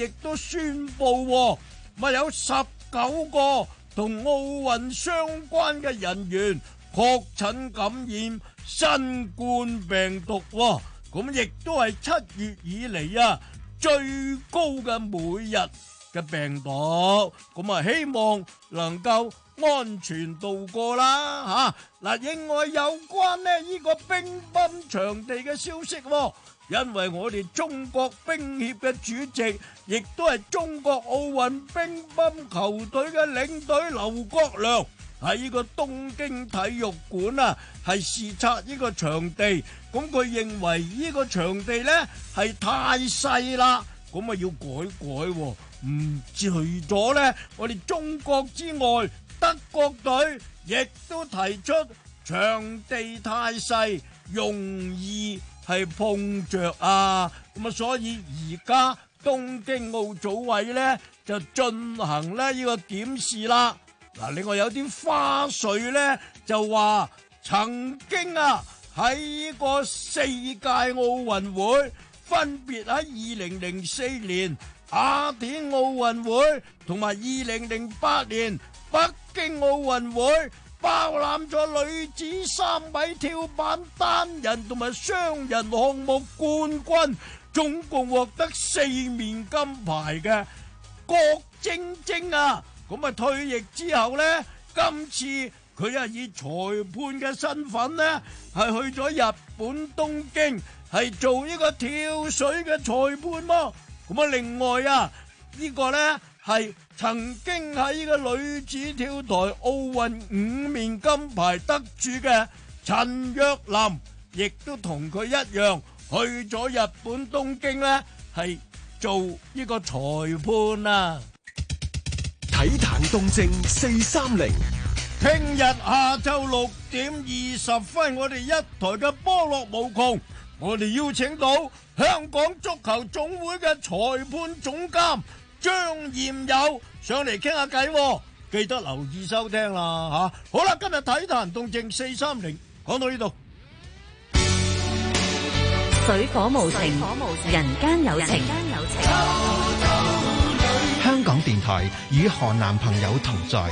亦都宣佈，咪有十九個同奧運相關嘅人員確診感染新冠病毒，咁亦都係七月以嚟啊最高嘅每日嘅病毒，咁啊希望能夠安全度過啦吓。嗱，另外有關呢呢個乒乓場地嘅消息。因為我哋中國乒協嘅主席，亦都係中國奧運乒乓球隊嘅領隊劉國梁喺呢個東京體育館啊，係視察呢個場地。咁佢認為呢個場地呢係太細啦，咁啊要改一改，哦。唔、嗯、除咗呢，我哋中國之外，德國隊亦都提出場地太細，容易係碰着啊，咁啊，所以而家東京奧組委呢就進行呢呢個檢視啦。嗱，另外有啲花絮呢，就話曾經啊喺四屆奧運會，分別喺二零零四年雅典奧運會同埋二零零八年北京奧運會。包攬咗女子三米跳板單人同埋雙人項目冠軍，總共獲得四面金牌嘅郭晶晶啊！咁啊，退役之後咧，今次佢啊以裁判嘅身份咧，係去咗日本東京，係做呢個跳水嘅裁判咯。咁啊，另外啊，呢個咧。係曾經喺呢個女子跳台奧運五面金牌得主嘅陳若琳，亦都同佢一樣去咗日本東京呢，係做呢個裁判啊！體壇動靜四三零，聽日下晝六點二十分，我哋一台嘅波樂無窮，我哋邀請到香港足球總會嘅裁判總監。張艷友上嚟傾下偈喎，記得留意收聽啦吓！好啦，今日體壇動靜四三零，講到呢度。水火無情，無情人間有情。人間有情香港電台與河南朋友同在，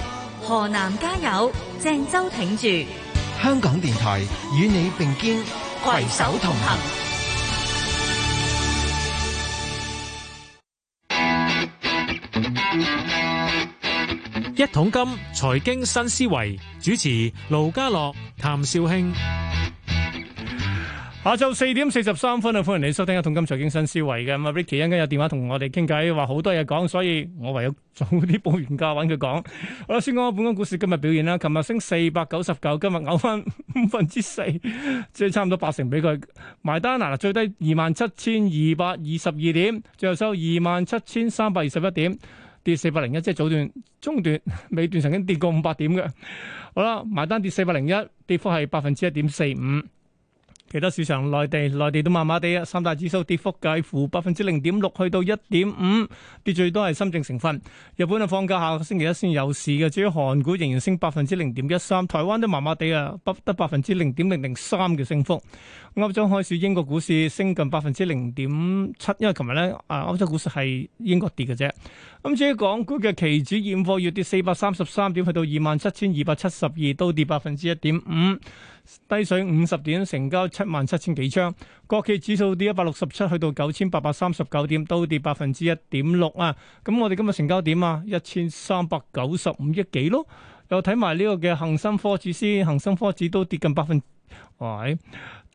河南加油，鄭州挺住。香港電台與你並肩，攜手同行。一桶金財經新思維主持盧家樂譚少卿，下晝四點四十三分啊，歡迎你收聽一桶金財經新思維嘅咁啊，Ricky 一陣間有電話同我哋傾偈，話好多嘢講，所以我唯有早啲報完價揾佢講。好啦，先講下本港股市今日表現啦，琴日升四百九十九，今日嘔翻五分之四，即係差唔多八成俾佢埋單嗱，最低二萬七千二百二十二點，最後收二萬七千三百二十一點。跌四百零一，即係早段、中段、尾段曾經跌過五百點嘅。好啦，埋單跌四百零一，跌幅係百分之一點四五。.其他市場，內地內地都麻麻地啊，三大指數跌幅介乎百分之零點六去到一點五，跌最多係深證成分。日本啊放假下，下個星期一先有市嘅。至於韓股仍然升百分之零點一三，台灣都麻麻地啊，得百分之零點零零三嘅升幅。歐洲開市，英國股市升近百分之零點七，因為琴日咧啊歐洲股市係英國跌嘅啫。咁至於港股嘅期指現貨月跌四百三十三點，去到二萬七千二百七十二，都跌百分之一點五。低水五十點，成交七萬七千幾張。國企指數跌一百六十七，去到九千八百三十九點，都跌百分之一點六啊。咁我哋今日成交點啊，一千三百九十五億幾咯。又睇埋呢個嘅恒生科指先，恒生科指都跌近百分，喂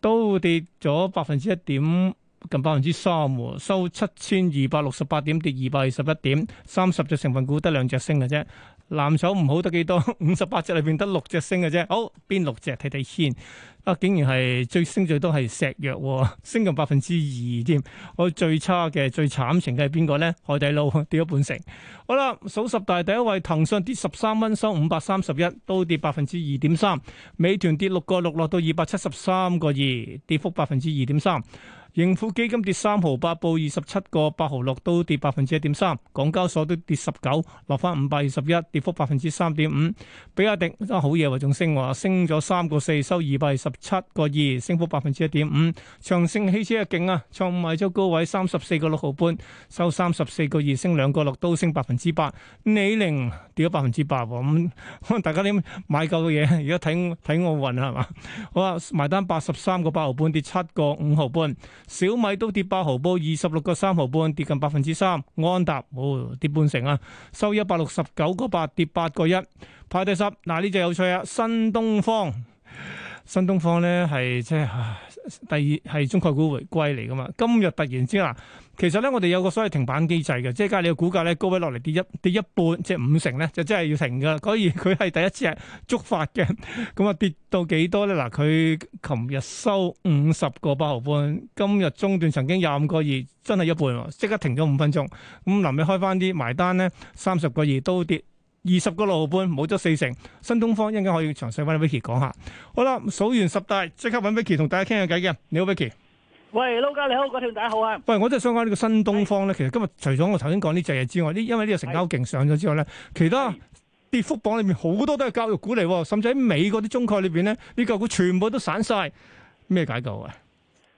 都跌咗百分之一點，近百分之三喎，收七千二百六十八點，跌二百二十一點。三十隻成分股得兩隻升嘅啫。藍籌唔好得幾多，五十八隻裏邊得六隻升嘅啫。好，邊六隻睇睇先啊！竟然係最升最多係石藥，啊，升近百分之二添。我，啊、最差嘅、最慘情嘅係邊個呢？海底撈跌咗半成。好啦，數十大第一位，騰訊跌十三蚊收五百三十一，都跌百分之二點三。美團跌六個六，落到二百七十三個二，跌幅百分之二點三。盈富基金跌三毫八，報二十七個八毫六都跌百分之一點三。港交所都跌十九，落翻五百二十一，跌幅百分之三點五。比亞迪真係好嘢喎，仲升喎，升咗三個四，收二百二十七個二，升幅百分之一點五。長城汽車勁啊，創埋咗高位三十四個六毫半，收三十四個二，升兩個六都升百分之八。李寧，跌咗百分之八喎，咁大家點買夠嘅嘢？而家睇睇奧運係嘛？好啊，埋單八十三個八毫半，跌七個五毫半。小米都跌八毫波，二十六個三毫半，跌近百分之三。安踏，哦，跌半成啊，收一百六十九個八，跌八個一。排第十，嗱呢隻有趣啊，新東方，新東方呢係即係。是第二係中概股回歸嚟噶嘛？今日突然之啦，其實咧，我哋有個所謂停板機制嘅，即係假你個股價咧高位落嚟跌一跌一半，即係五成咧，就真係要停噶。所以佢係第一次觸發嘅，咁啊跌到幾多咧？嗱，佢琴日收五十個八毫半，今日中段曾經廿五個二，真係一半，即刻停咗五分鐘。咁臨尾開翻啲埋單咧，三十個二都跌。二十個六毫半，冇咗四成。新東方一陣間可以詳細翻 Vicky 講下。好啦，數完十大，即刻搵 Vicky 同大家傾下偈嘅。你好，Vicky。喂，撈家你好，港鐵大家好啊。喂，我真係想講呢個新東方咧，其實今日除咗我頭先講呢隻嘢之外，呢因為呢個成交勁上咗之外咧，是其他跌幅榜裏面好多都係教育股嚟，甚至喺美國啲中概裏邊咧，呢舊股全部都散晒。咩解救啊？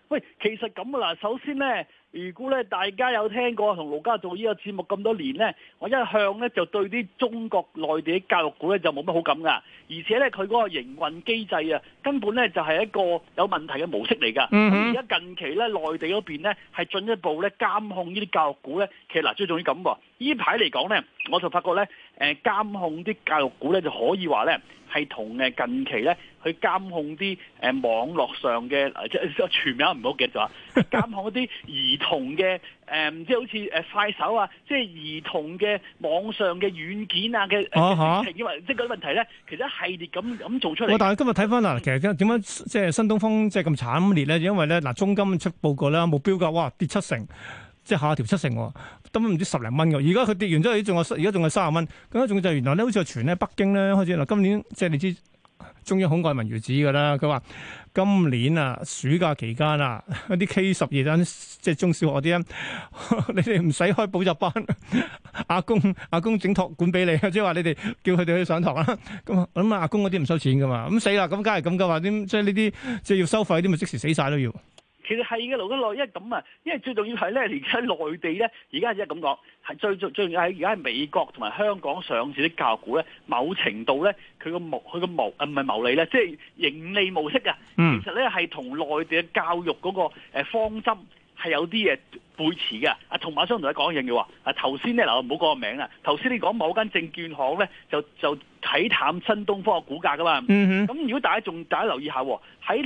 喂，其實咁啊，嗱，首先咧。如果咧大家有聽過同盧家做呢個節目咁多年咧，我一向咧就對啲中國內地啲教育股咧就冇乜好感㗎，而且咧佢嗰個營運機制啊，根本咧就係一個有問題嘅模式嚟㗎。而家、嗯嗯、近期咧內地嗰邊咧係進一步咧監控呢啲教育股咧，其實嗱最重要咁喎。依排嚟講咧，我就發覺咧，誒監控啲教育股咧就可以話咧係同誒近期咧去監控啲誒網絡上嘅即係全名我唔好記咗啊，監控嗰啲兒童。同嘅誒，唔、嗯、知好似誒快手啊，即係兒童嘅網上嘅軟件啊嘅，啊啊即嗰啲問題咧，其實一系列咁咁做出嚟，啊。但係今日睇翻嗱，其實點樣即係新東方即係咁慘烈咧？因為咧嗱，中金出報告咧，目標價哇跌七成，即係下調七成喎，都唔知十零蚊嘅。而家佢跌完之後，仲有，而家仲有三十蚊。咁啊，仲要就係原來咧，好似阿全咧，北京咧開始嗱，今年即係你知道。中央恐愛民如子噶啦，佢話今年啊暑假期間啊，啲 K 十二等即係中小學啲啲，你哋唔使開補習班，阿、啊、公阿、啊、公整托管俾你，即係話你哋叫佢哋去上堂啦。咁啊，咁阿公嗰啲唔收錢噶嘛，咁死啦，咁梗係咁噶啦，啲即係呢啲即係要收費啲咪即時死晒都要。其實係嘅，留喺內，因為咁啊，因為最重要係咧，而家喺內地咧，而家即係咁講，最重最重要係而家喺美國同埋香港上市啲教育股咧，某程度咧，佢個牟佢個牟唔係牟利咧，即係盈利模式啊。其實咧係同內地嘅教育嗰、嗰個、呃、方針係有啲嘢背馳嘅。同埋馬生同你講一樣嘢話，啊頭先咧嗱，唔好講個名啦，頭先你講某間證券行咧就就。就睇淡新東方嘅股價噶嘛，咁、嗯、哼如果大家仲大家留意下喎，喺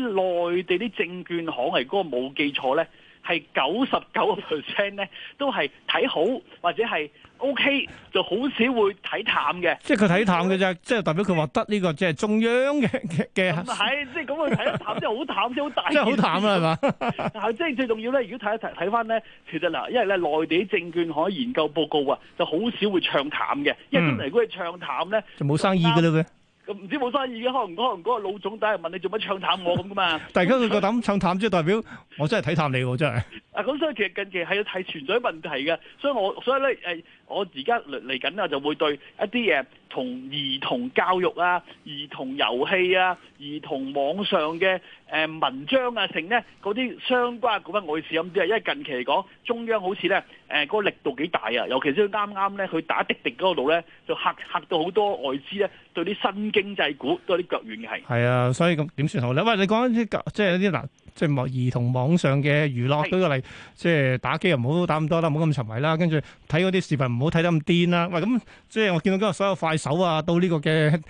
內地啲證券行係嗰個冇記錯咧。係九十九個 percent 咧，都係睇好或者係 OK，就好少會睇淡嘅。即係佢睇淡嘅啫，即係代表佢話得呢個 即係中央嘅嘅。係， 即係咁佢睇淡，即係好淡，即係好大。即係好淡啦，係嘛？但係即係最重要咧，如果睇一睇睇翻咧，其實嗱，因為咧內地證券行研究報告啊，就好少會唱淡嘅，嗯、因為咁嚟如果佢唱淡咧，就冇生意㗎啦。唔知冇生意嘅，可唔可能嗰個老總底係問你做乜唱淡我咁噶嘛？但係而家佢個膽唱淡，即係代表我真係睇淡你喎，真係。啊，咁所以其實近期係要睇存在問題嘅，所以我所以咧誒我而家嚟嚟緊啊，就會對一啲誒同兒童教育啊、兒童遊戲啊、兒童網上嘅誒文章啊，成咧嗰啲相關嘅股份，我試諗啲啊，因為近期嚟講，中央好似咧誒個力度幾大啊，尤其是啱啱咧佢打滴滴嗰度咧，就嚇嚇到好多外資咧對啲新經濟股都有啲腳軟嘅係。係啊，所以咁點算好咧？喂，你講緊啲即係一啲難。即係莫兒童網上嘅娛樂舉個例，是即係打機又唔好打咁多啦，唔好咁沉迷啦。跟住睇嗰啲視頻唔好睇得咁癲啦。喂，咁即係我見到今日所有快手啊，到呢個嘅嗶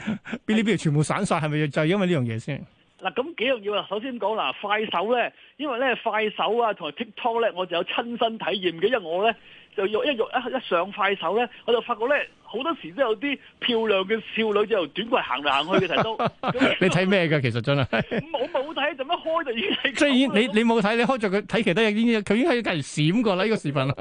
哩嗶哩全部散晒，係咪是就係因，、啊、因為呢樣嘢先？嗱，咁幾樣嘢啊！首先講啦，快手咧，因為咧快手啊同埋 TikTok 咧，我就有親身體驗嘅，因為我咧就用一喐一一上快手咧，我就發覺咧。好多時都有啲漂亮嘅少女就由短裙行嚟行去嘅程度， 你睇咩㗎？其實真係？我冇睇，做乜開就已經睇？所以你你冇睇，你開著佢睇其他嘢，已經佢已經係隔籬閃過啦呢 個視頻啦。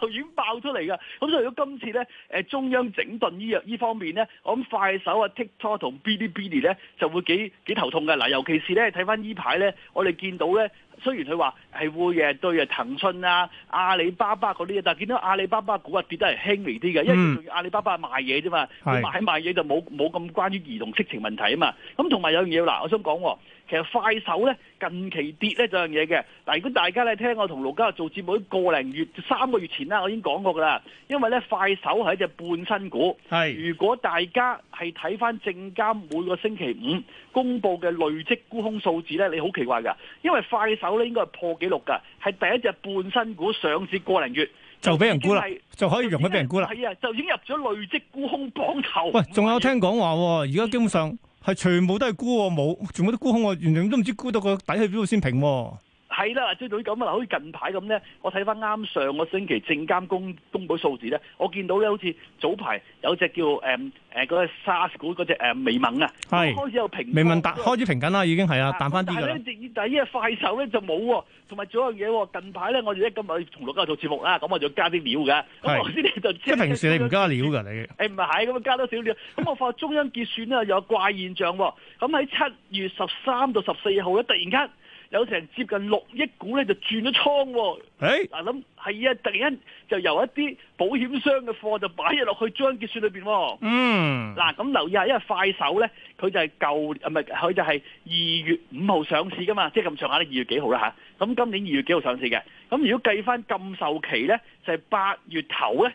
就 已經爆出嚟嘅。咁所以今次咧，誒中央整頓呢樣呢方面咧，我諗快手啊、TikTok 同 Bilibili 咧就會幾幾頭痛嘅。嗱，尤其是咧睇翻呢排咧，我哋見到咧，雖然佢話係會誒對啊騰訊啊、阿里巴巴嗰啲嘢，但係見到阿里巴巴嘅股啊跌得係輕微啲嘅，因為阿里巴。賣嘢啫嘛，賣嘢就冇冇咁關於兒童色情問題啊嘛。咁同埋有樣嘢嗱，我想講，其實快手呢近期跌呢，就樣嘢嘅。嗱，如果大家咧聽我同盧嘉做節目個，個零月三個月前啦，我已經講過噶啦。因為呢快手係一隻半新股，是如果大家係睇翻證監每個星期五公布嘅累積沽空數字呢，你好奇怪噶，因為快手呢應該係破紀錄噶，係第一隻半新股上市個零月。就俾人沽啦，就是、就可以容得俾人沽啦。係、就是就是、啊，就已經入咗累積沽空榜頭。喂，仲有聽講話、哦，而家、嗯、基本上係全部都係沽啊、哦，冇，全部都沽空啊，完全都唔知沽到個底去邊度先平、哦。係啦，追到對於咁啊，好似近排咁咧，我睇翻啱上個星期證監公公佈數字咧，我見到咧，好似早排有隻叫誒誒、嗯嗯那個 SARS 股嗰隻美盟啊，係、那個、的開始有平，美盟彈開始平緊啦，已經係啊，的彈翻啲㗎。但係咧，至於快手咧就冇喎，同埋仲有嘢喎。近排咧，我哋咧今日同六家做節目啦，咁我就加啲料㗎。咁我先你就即係平時你唔加料㗎，你誒唔係咁加多少料？咁 我發覺中央結算咧有怪現象喎。咁喺七月十三到十四號咧，突然間。有成接近六億股咧，就轉咗倉喎、啊。嗱諗係啊，突然間就由一啲保險箱嘅貨就擺咗落去張結算裏面喎、啊。嗯、mm. 啊，嗱咁留意一下，因為快手咧，佢就係舊唔係佢、啊、就係二月五號上市噶嘛，即係咁上下啦，二月幾號啦吓。咁今年二月幾號上市嘅？咁、啊、如果計翻禁售期咧，就係、是、八月頭咧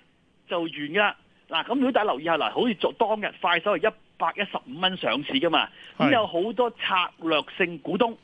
就完㗎啦。嗱、啊，咁如果大家留意下嗱，好似昨當日快手係一百一十五蚊上市噶嘛，咁有好多策略性股東。Hey.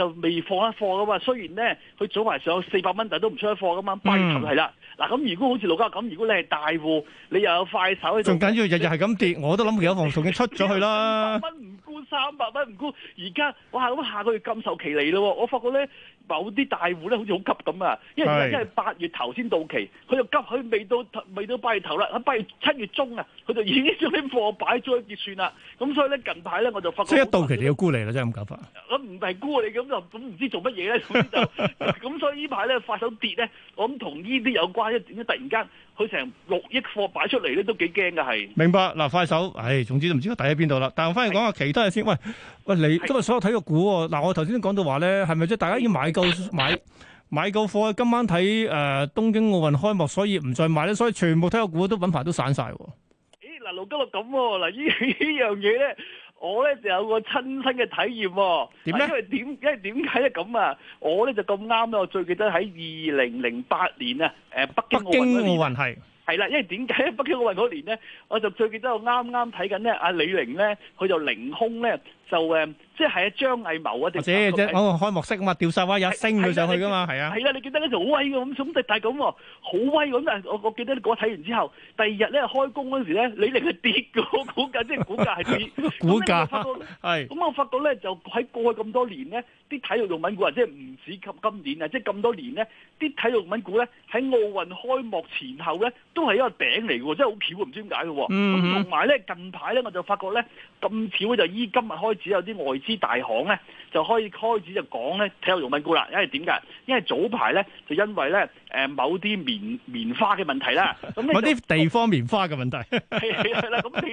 就未放一貨噶嘛，雖然咧佢早排上有四百蚊，但都唔出一貨噶嘛，密集係啦。嗱咁、啊、如果好似老家咁，如果你係大戶，你又有快手，仲緊要日日係咁跌，你我都諗有房數嘅出咗去啦。三百蚊唔沽，三百蚊唔沽，而家我係咁下個月咁受其利嚟咯，我發覺咧。某啲大戶咧好似好急咁啊，因為因為八月頭先到期，佢就急，佢未到未到八月頭啦，喺八月七月中啊，佢就已經將啲貨擺咗去結算啦。咁所以咧近排咧我就發覺，即係一到期就要沽你啦，即係咁搞法。咁唔係沽你咁就咁唔知做乜嘢咧，咁就咁所以呢排咧發咗跌咧，我諗同呢啲有關一突然間。佢成六億貨擺出嚟咧，都幾驚嘅係。明白嗱，快手，唉、哎，總之都唔知佢抵喺邊度啦。但係我返嚟講下其他嘢先。是喂喂，你今日是所有體育股喎。嗱，我頭先都講到話咧，係咪即係大家已經買夠買買夠貨？今晚睇誒、呃、東京奧運開幕，所以唔再買咧。所以全部體育股都品牌都散曬、啊。咦？嗱，盧金樂咁喎，嗱、啊，呢呢樣嘢咧。我咧就有個親身嘅體驗喎，因為點因為點解咧咁啊？我咧就咁啱咧，我最記得喺二零零八年啊，誒北京奧運係係啦，因為點解北京奧運嗰年咧，我就最記得我啱啱睇緊咧，阿李寧咧佢就凌空咧。就誒，即係張藝謀啊！或者即係開幕式啊嘛，掉晒威一升佢上去噶嘛，係啊！係啦，你記得呢陣好威嘅，咁咁但係咁，好威咁。但係我我記得嗰個睇完之後，第二日咧開工嗰時咧，你令佢跌嘅，股價即係股價係跌。股價係。咁我發覺咧，就喺過去咁多年咧，啲體育用品股啊，即係唔止及今年啊，即係咁多年咧，啲體育用品股咧喺奧運開幕前後咧，都係一個頂嚟嘅，真係好巧，唔知點解嘅。嗯。同埋咧，近排咧我就發覺咧，咁巧就依今日開。只有啲外資大行咧，就可以開始就講咧體育用品股啦。因為點解？因為早排咧就因為咧誒某啲棉棉花嘅問題啦。某啲地方棉花嘅問題係啦。咁點解？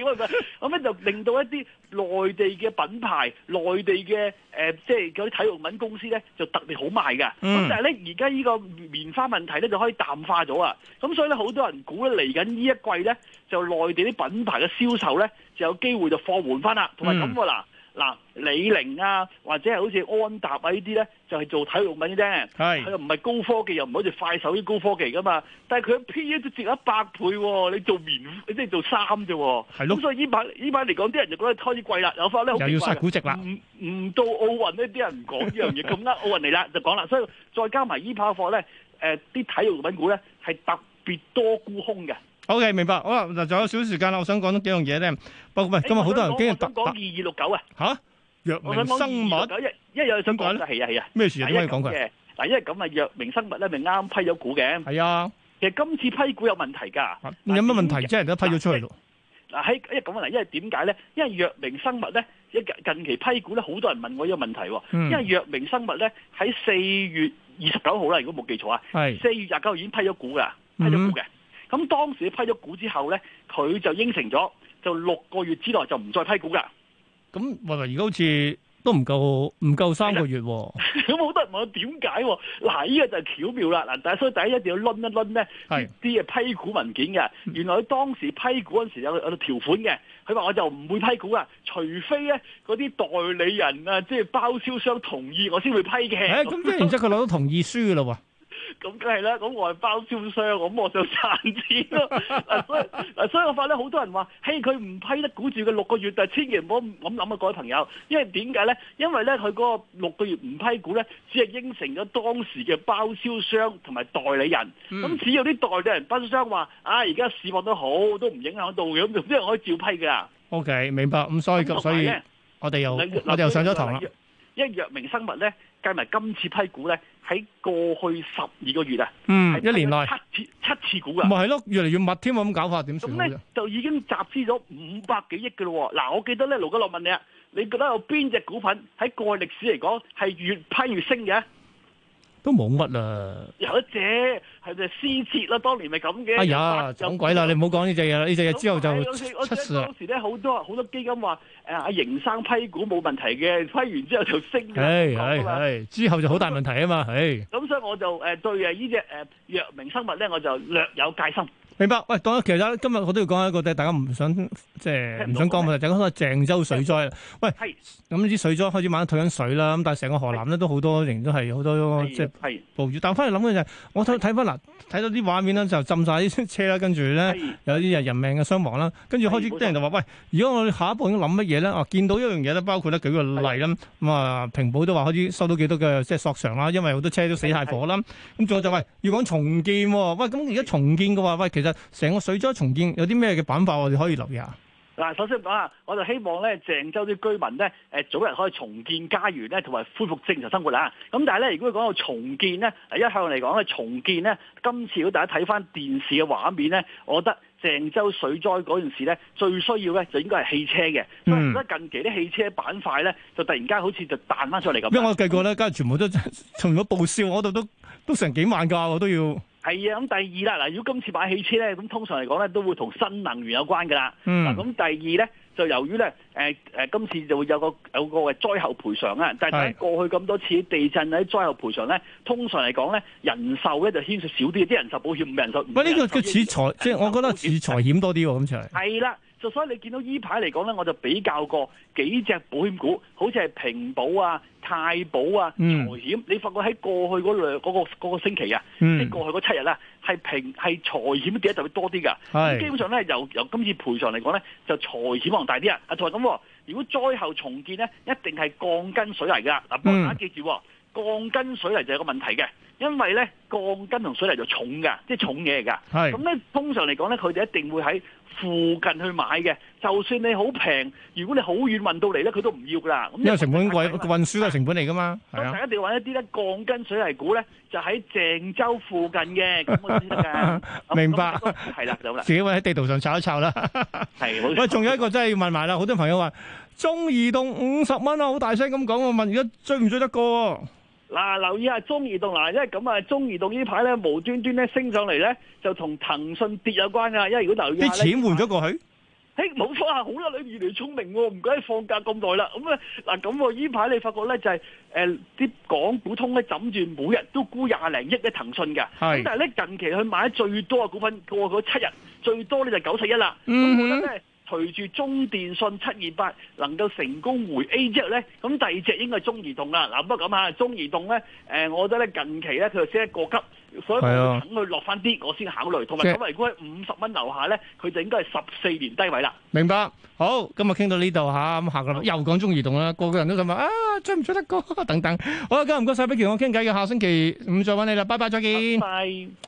咁咧、就係、就令到一啲內地嘅品牌、內地嘅誒、呃，即係嗰啲體育品公司咧就特別好賣嘅。咁、嗯、但係咧，而家呢個棉花問題咧就可以淡化咗啊。咁所以咧，好多人估咧嚟緊呢一季咧，就內地啲品牌嘅銷售咧就有機會就放緩翻啦。同埋咁喎嗱。嗯。嗱，李寧啊，或者係好似安踏啊呢啲咧，就係、是、做體育品啫，佢是又唔係高科技，又唔好似快手啲高科技噶嘛，但係佢 PE 都值一百倍，啊，你做棉，你即係做衫啫，啊，咁的所以呢排呢排嚟講，啲人就覺得開始貴啦，有翻咧又要失估值啦，唔唔到奧運呢啲人唔講呢樣嘢，咁啦，奧運嚟啦就講啦，所以再加埋依批貨咧，誒、呃、啲體育品股咧係特別多沽空嘅。O.K. 明白，好啦，嗱，仲有少少時間啦，我想講多幾樣嘢咧。不過喂，今日好多人驚，我想講二二六九啊。吓，藥明生物，一一日想講嘅係啊係啊，咩事都可以講佢。嗱，因為咁啊，藥明生物咧咪啱批咗股嘅。係啊，其實今次批股有問題噶。有乜問題？即係而家批咗出嚟。嗱，喺一咁嘅嚟，因為點解咧？因為藥明生物咧，一近期批股咧，好多人問我呢個問題。因為藥明生物咧喺四月二十九號啦，如果冇記錯啊。係四月廿九號已經批咗股噶，批咗股嘅。咁當時批咗股之後咧，佢就應承咗，就六個月之內就唔再批股噶。咁原來而家好似都唔夠，唔夠三個月。咁好 多人問我點解？嗱，呢、啊、個就巧妙啦。嗱、啊，但係所以第一一定要攆一攆咧啲嘅批股文件嘅。是原來佢當時批股嗰陣時有有條款嘅。佢話我就唔會批股啊，除非咧嗰啲代理人啊，即係包銷商同意我先會批嘅。咁即係然之後佢攞到同意書啦喎。咁梗係啦，咁我係包銷商，咁我就賺錢咯、 啊。所以、啊、所以話咧，好多人話：嘿，佢唔批得股住佢六個月，但千祈唔好咁諗啊，各位朋友。因為點解咧？因為咧，佢嗰個六個月唔批股咧，只係應承咗當時嘅包銷商同埋代理人。咁、嗯、只有啲代理人包銷商話：啊，而家市況都好，都唔影響到嘅，咁就即係可以照批㗎。OK，明白。咁、嗯、所以咁所以我哋又、嗯嗯、我哋又上咗堂啦。因為藥明生物咧。計埋今次批股咧，喺過去十二個月啊，嗯，一年內七次七次股啊。咪係咯，越嚟越密添啊！咁搞法點算咧？就已經集資咗五百幾億嘅咯。嗱，啊，我記得咧，盧家樂問你啊，你覺得有邊隻股份喺過去歷史嚟講係越批越升嘅？都冇乜啦，有一隻係咪私設啦，當年咪咁嘅。哎呀，就了鬼啦！你唔好講呢隻嘢啦，呢隻嘢之後就出事啦。當時咧好多好多基金話誒阿盈生批股冇問題嘅，批完之後就升，係係係，之後就好大問題啊嘛，唉以。咁嘿所以我就誒對誒呢隻誒藥明生物咧，我就略有戒心。明白，喂，當然其實今日我都要講一個，大家唔想，即係唔想講嘅就係講下鄭州水災啦。喂，咁啲水災開始慢慢退緊水啦，咁但係成個河南咧都好多仍然都係好多即係暴雨，但返翻嚟諗嘅就係我睇睇翻嗱，睇到啲畫面咧就浸晒啲車啦，跟住咧有啲人命嘅傷亡啦，跟住開始啲人就話喂，如果我哋下一步要諗乜嘢咧？我見到一樣嘢咧，包括咧舉個例啦，咁啊，平保都話開始收到幾多嘅即係索償啦，因為好多車都死晒火啦。咁仲有就喂要講重建喎，喂，咁而家重建嘅話，喂，其實成個水災重建有啲咩嘅板塊，我哋可以留意下。嗱，首先講下，我就希望咧鄭州啲居民咧，誒，早日可以重建家園咧，同埋恢復正常生活啦。咁但係咧，如果講到重建咧，一向嚟講咧，重建咧，今次如果大家睇翻電視嘅畫面咧，我覺得鄭州水災嗰件事咧，最需要咧就應該係汽車嘅。嗯，咁近期啲汽車板塊咧，就突然間好似就彈翻出嚟咁。因為我計過咧，家全部都同咗報銷，我度都都，都成幾萬架我都要。係啊，咁第二啦，嗱，如果今次買汽車咧，咁通常嚟講咧，都會同新能源有關噶啦。嗯。咁第二咧，就由於咧，誒、呃、今次就會有個有個嘅災後賠償啊。但係的過去咁多次地震喺災後賠償咧，通常嚟講咧，人壽咧就牽涉少啲，啲人壽保險唔係人壽。喂，呢個叫似財，即係我覺得似財險多啲喎，咁就係。係啦。就所以你見到依排嚟講咧，我就比較過幾隻保險股，好似係平保啊、太保啊、財險，嗯、你發覺喺過去嗰兩嗰個星期啊，即係過去嗰七日咧，係平係財險跌得就會多啲㗎。咁、嗯、基本上咧，由由今次賠償嚟講咧，就財險可能大啲啊。啊財咁，如果災後重建咧，一定係鋼筋水嚟㗎。嗱，大家記住。嗯鋼筋水泥就係個問題嘅，因為咧鋼筋同水泥就重㗎，即係重嘢嚟㗎。係咁咧，通常嚟講咧，佢哋一定會喺附近去買嘅。就算你好平，如果你好遠運到嚟咧，佢都唔要㗎啦。因為成本運運輸都係成本嚟㗎嘛。當大家一定要揾一啲咧鋼筋水泥股咧，就喺鄭州附近嘅咁我先得㗎。明白係啦，就啦。自己喺地圖上查一查啦。係冇錯。我仲有一個真係要問埋啦，好多朋友話中移動五十蚊啊，好大聲咁講我問，而家追唔追得過？嗱，留意下中移動，嗱，因為咁啊，中移動呢排咧無端端咧升上嚟咧，就同騰訊跌有關噶。因為如果留意下咧，啲錢換咗過去，嘿，冇錯啊，好啦，你越嚟越聰明喎，唔該放假咁耐啦。咁啊，嗱，咁喎呢排你發覺咧就係誒，啲港股通咧枕住每日都沽廿零億嘅騰訊嘅，咁但係咧近期佢買得最多嘅股份過咗七日，最多咧就九四一啦。嗯。隨住中電信七二八能夠成功回 A 之後咧，咁第二隻應該係中移動啦。嗱，不過咁啊，中移動咧，誒，我覺得咧近期咧佢就先一過急，所以我等佢落翻啲，我先考慮。同埋，如果喺五十蚊樓下咧，佢就應該係十四年低位啦。明白。好，今日傾到呢度吓，咁下個又講中移動啦，個個人都想問啊，追唔追得過等等。好啦，今日唔該晒，比杰我傾偈嘅下星期五再揾你啦，拜拜，再見。拜。